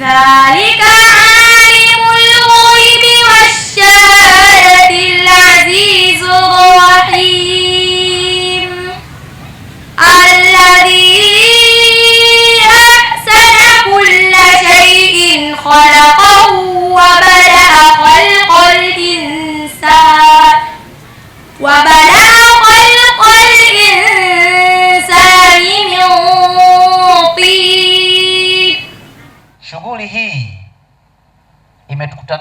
ذلك عالم الغيب والشهادة العزيز الرحيم الذي أحسن كل شيء خلقه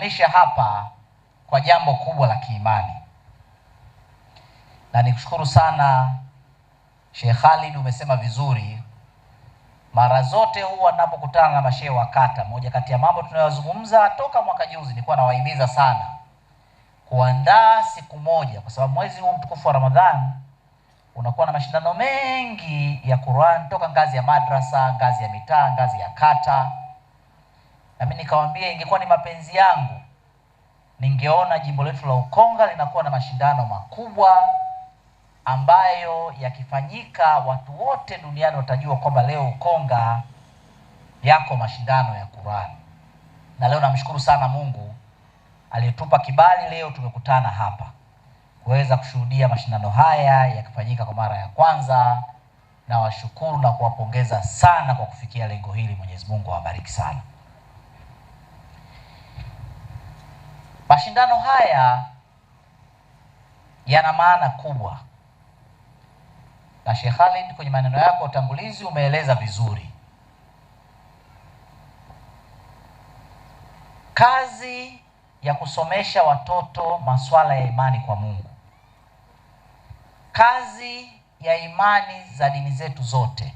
nimekuunganisha hapa kwa jambo kubwa la kiimani, na nikushukuru sana Sheikh Khalid, umesema vizuri. Mara zote huwa ninapokutana na mashehe wa kata, moja kati ya mambo tunayozungumza toka mwaka juzi, nilikuwa nawahimiza sana kuandaa siku moja, kwa sababu mwezi huu mtukufu wa Ramadhani unakuwa na mashindano mengi ya Qur'an toka ngazi ya madrasa, ngazi ya mitaa, ngazi ya kata mimi nikamwambia ingekuwa ni mapenzi yangu ningeona jimbo letu la Ukonga linakuwa na mashindano makubwa ambayo yakifanyika watu wote duniani watajua kwamba leo Ukonga yako mashindano ya Qur'an. Na leo namshukuru sana Mungu aliyetupa kibali, leo tumekutana hapa kuweza kushuhudia mashindano haya yakifanyika kwa mara ya kwanza. Nawashukuru na kuwapongeza sana kwa kufikia lengo hili. Mwenyezi Mungu awabariki sana. Mashindano haya yana maana kubwa, na Sheikh Khalid kwenye maneno yako utangulizi umeeleza vizuri. Kazi ya kusomesha watoto masuala ya imani kwa Mungu, kazi ya imani za dini zetu zote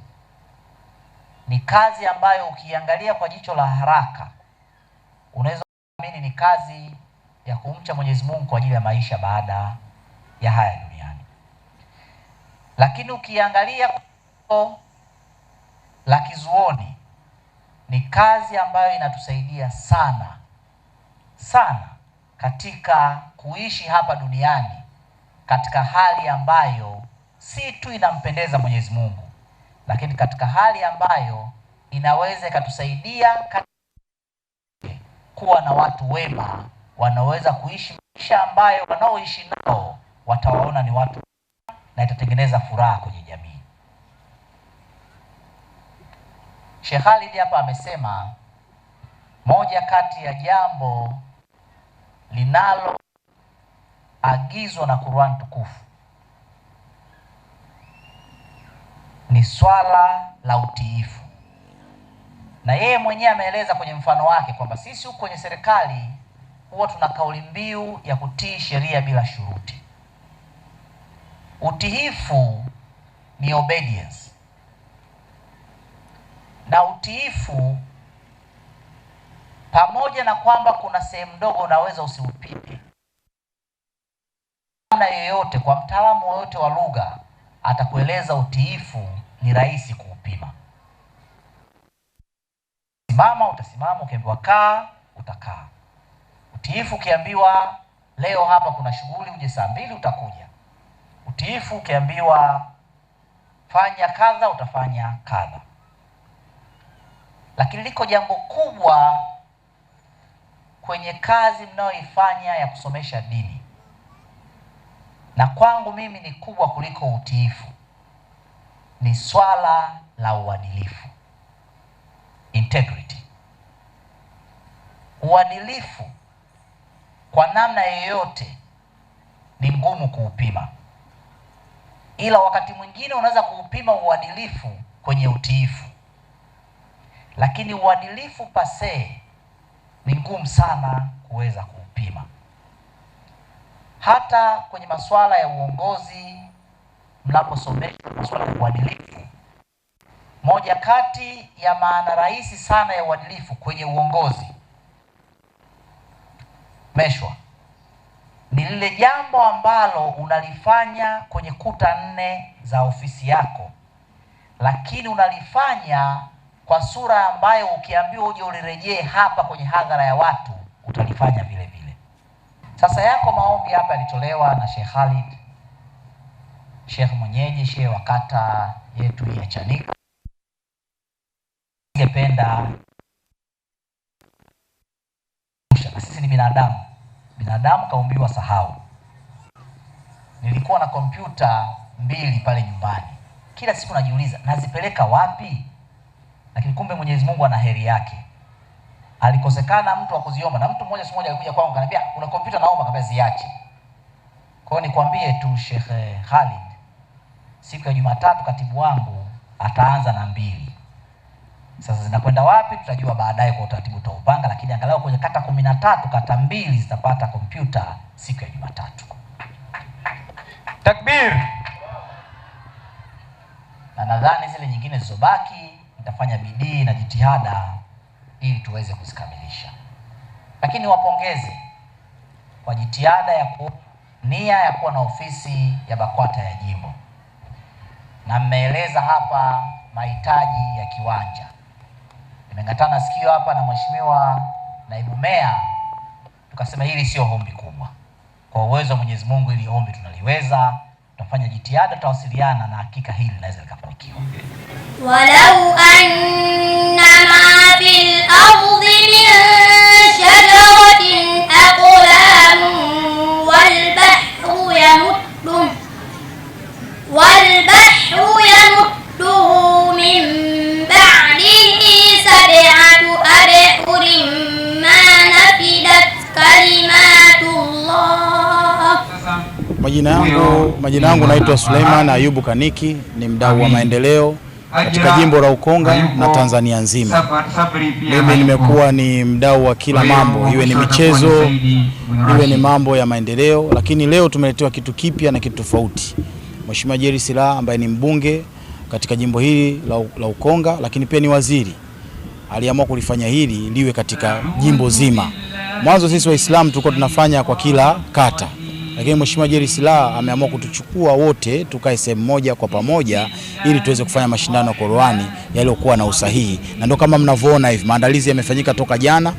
ni kazi ambayo ukiangalia kwa jicho la haraka unaweza kuamini ni kazi ya kumcha Mwenyezi Mungu kwa ajili ya maisha baada ya haya duniani. Lakini ukiangalia la kizuoni ni kazi ambayo inatusaidia sana sana katika kuishi hapa duniani katika hali ambayo si tu inampendeza Mwenyezi Mungu, lakini katika hali ambayo inaweza ikatusaidia kuwa na watu wema wanaweza kuishi maisha ambayo wanaoishi nao watawaona ni watu na itatengeneza furaha kwenye jamii. Sheikh Khalid hapa amesema moja kati ya jambo linaloagizwa na Qur'an tukufu ni swala la utiifu, na yeye mwenyewe ameeleza kwenye mfano wake kwamba sisi huko kwenye serikali huwa tuna kauli mbiu ya kutii sheria bila shuruti. Utiifu ni obedience, na utiifu pamoja na kwamba kuna sehemu ndogo unaweza usiupite namna yoyote. Kwa mtaalamu woyote wa lugha atakueleza utiifu ni rahisi kuupima. Simama, utasimama. Ukiambiwa kaa, utakaa. Utiifu ukiambiwa leo hapa kuna shughuli, uje saa mbili, utakuja. Utiifu ukiambiwa fanya kadha, utafanya kadha. Lakini liko jambo kubwa kwenye kazi mnayoifanya ya kusomesha dini, na kwangu mimi ni kubwa kuliko utiifu, ni swala la uadilifu, integrity, uadilifu kwa namna yoyote ni ngumu kuupima, ila wakati mwingine unaweza kuupima uadilifu kwenye utiifu, lakini uadilifu pasee ni ngumu sana kuweza kuupima. Hata kwenye masuala ya uongozi, mnaposomesha masuala ya uadilifu, moja kati ya maana rahisi sana ya uadilifu kwenye uongozi meshwa ni lile jambo ambalo unalifanya kwenye kuta nne za ofisi yako, lakini unalifanya kwa sura ambayo ukiambiwa uje ulirejee hapa kwenye hadhara ya watu utalifanya vile vile. Sasa yako maombi hapa yalitolewa na Sheikh Khalid, Sheikh mwenyeji, Sheikh wa kata yetu ya Chanika. Ningependa sisi ni binadamu. Binadamu kaumbiwa sahau. Nilikuwa na kompyuta mbili pale nyumbani, kila siku najiuliza nazipeleka wapi? Lakini kumbe Mwenyezi Mungu ana heri yake, alikosekana mtu wa kuziomba. Na mtu mmoja siku moja alikuja kwangu akaniambia, una kompyuta naomba kabla ziache. Kwa hiyo nikwambie tu Sheikh Khalid, siku ya Jumatatu katibu wangu ataanza na mbili sasa zinakwenda wapi? Tutajua baadaye kwa utaratibu tutaupanga, lakini angalau kwenye kata kumi na tatu kata mbili zitapata kompyuta siku ya Jumatatu. Takbir! Na nadhani zile nyingine zilizobaki nitafanya bidii na jitihada ili tuweze kuzikamilisha, lakini wapongeze kwa jitihada ya ku, nia ya kuwa na ofisi ya BAKWATA ya jimbo, na mmeeleza hapa mahitaji ya kiwanja Nimeng'atana sikio hapa na mheshimiwa naibu meya, tukasema hili sio ombi kubwa. Kwa uwezo wa Mwenyezi Mungu, ili ombi tunaliweza, tutafanya jitihada, tutawasiliana na hakika hili linaweza likafanikiwa walau an Majina yangu naitwa Suleiman Ayubu Kaniki, ni mdau wa maendeleo katika jimbo la Ukonga na Tanzania nzima. Mimi nimekuwa ni mdau wa kila mambo, iwe ni michezo, iwe ni mambo ya maendeleo, lakini leo tumeletewa kitu kipya na kitu tofauti. Mheshimiwa Jerry Silaa ambaye ni mbunge katika jimbo hili la, la Ukonga, lakini pia ni waziri, aliamua kulifanya hili liwe katika jimbo zima. Mwanzo sisi Waislamu tulikuwa tunafanya kwa kila kata lakini Mheshimiwa Jerry Silaa ameamua kutuchukua wote tukae sehemu moja kwa pamoja ili tuweze kufanya mashindano ya Koroani yaliyokuwa na usahihi, na ndio kama mnavyoona hivi maandalizi yamefanyika toka jana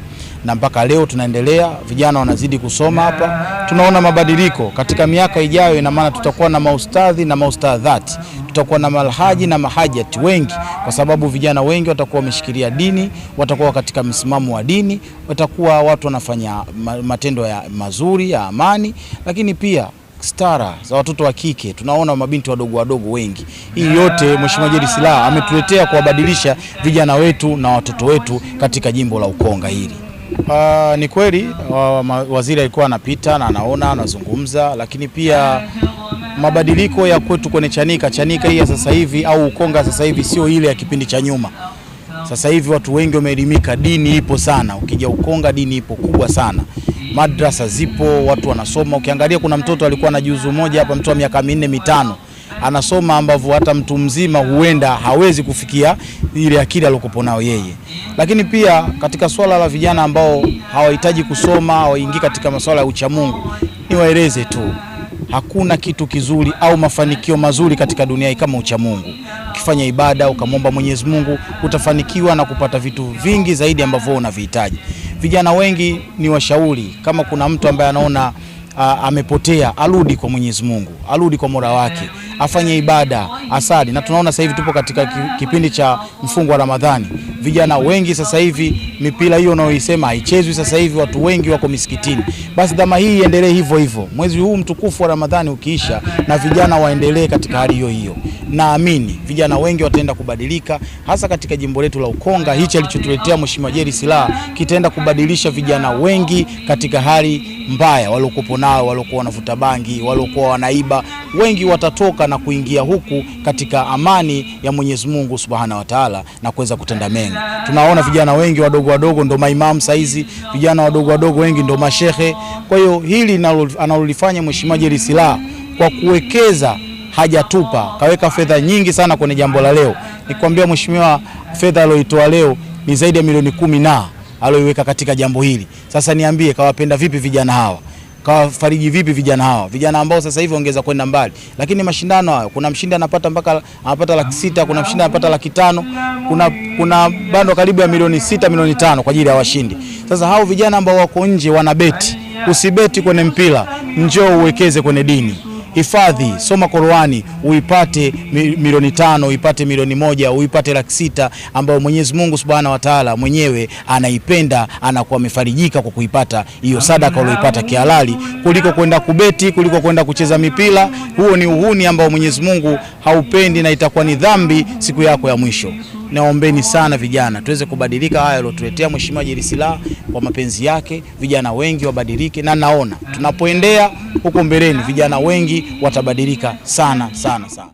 na mpaka leo tunaendelea, vijana wanazidi kusoma hapa, tunaona mabadiliko. Katika miaka ijayo, ina maana tutakuwa na maustadhi na maustadhati, tutakuwa na malhaji na mahajati wengi, kwa sababu vijana wengi watakuwa wameshikilia dini, watakuwa katika msimamo wa dini, watakuwa watu wanafanya matendo ya mazuri ya amani, lakini pia stara za watoto wa kike, tunaona mabinti wadogo wadogo wengi. Hii yote Mheshimiwa Jerry Silaa ametuletea kuwabadilisha vijana wetu na watoto wetu katika jimbo la Ukonga hili. Uh, ni kweli waziri alikuwa anapita na anaona anazungumza, lakini pia mabadiliko ya kwetu kwenye Chanika, Chanika hii ya sasa hivi au Ukonga sasa hivi sio ile ya kipindi cha nyuma. Sasa hivi watu wengi wameelimika, dini ipo sana. Ukija Ukonga dini ipo kubwa sana, madrasa zipo, watu wanasoma. Ukiangalia kuna mtoto alikuwa na juzu moja hapa, mtoto wa miaka minne mitano anasoma ambavyo hata mtu mzima huenda hawezi kufikia ile akili aliyokuwa nayo yeye. Lakini pia katika swala la vijana ambao hawahitaji kusoma, hawaingii katika masuala ya uchamungu, niwaeleze tu hakuna kitu kizuri au mafanikio mazuri katika dunia hii kama uchamungu. Ukifanya ibada ukamwomba Mwenyezi Mungu utafanikiwa na kupata vitu vingi zaidi ambavyo unavihitaji. Vijana wengi ni washauri, kama kuna mtu ambaye anaona a, amepotea arudi kwa Mwenyezi Mungu, arudi kwa Mola wake, afanye ibada, asali. Na tunaona sasa hivi tupo katika kipindi cha mfungo wa Ramadhani, vijana wengi sasa hivi mipira hiyo unaoisema haichezwi sasa hivi, watu wengi wako misikitini. Basi dhama hii iendelee hivyo hivyo, mwezi huu mtukufu wa Ramadhani ukiisha, na vijana waendelee katika hali hiyo hiyo naamini vijana wengi wataenda kubadilika, hasa katika jimbo letu la Ukonga. Hichi alichotuletea Mheshimiwa Jerry Silaa kitaenda kubadilisha vijana wengi katika hali mbaya waliokuwa nao, waliokuwa wanavuta bangi, waliokuwa wanaiba, wengi watatoka na kuingia huku katika amani ya Mwenyezi Mungu Subhanahu wa Ta'ala na kuweza kutenda mema. Tunaona vijana wengi wadogo wadogo ndo maimamu saizi, vijana wadogo wadogo wengi ndo mashehe. Kwa hiyo hili analolifanya Mheshimiwa Jerry Silaa kwa kuwekeza hajatupa, kaweka fedha nyingi sana kwenye jambo la leo. Nikwambia mheshimiwa, fedha aliyoitoa leo ni zaidi ya milioni kumi na aliyoiweka katika jambo hili. Sasa niambie, kawapenda vipi vijana hawa kawafariji vipi vijana hawa, vijana ambao sasa hivi ongeza kwenda mbali. Lakini mashindano hayo, kuna mshindi anapata mpaka anapata laki sita, kuna mshindi anapata laki tano, kuna, kuna bando karibu ya milioni sita milioni tano kwa ajili ya washindi. Sasa hao vijana ambao wako nje wanabeti, usibeti kwenye mpira, njoo uwekeze kwenye dini hifadhi, soma Qur'ani uipate milioni tano, uipate milioni moja, uipate laki sita ambayo Mwenyezi Mungu Subhanahu wa Ta'ala mwenyewe anaipenda, anakuwa amefarijika kwa kuipata hiyo sadaka ulioipata kihalali, kuliko kwenda kubeti, kuliko kwenda kucheza mipira. Huo ni uhuni ambao Mwenyezi Mungu haupendi na itakuwa ni dhambi siku yako ya mwisho naombeni sana vijana tuweze kubadilika, haya aliotuletea Mheshimiwa Jerry Silaa kwa mapenzi yake, vijana wengi wabadilike, na naona tunapoendea huko mbeleni vijana wengi watabadilika sana sana sana.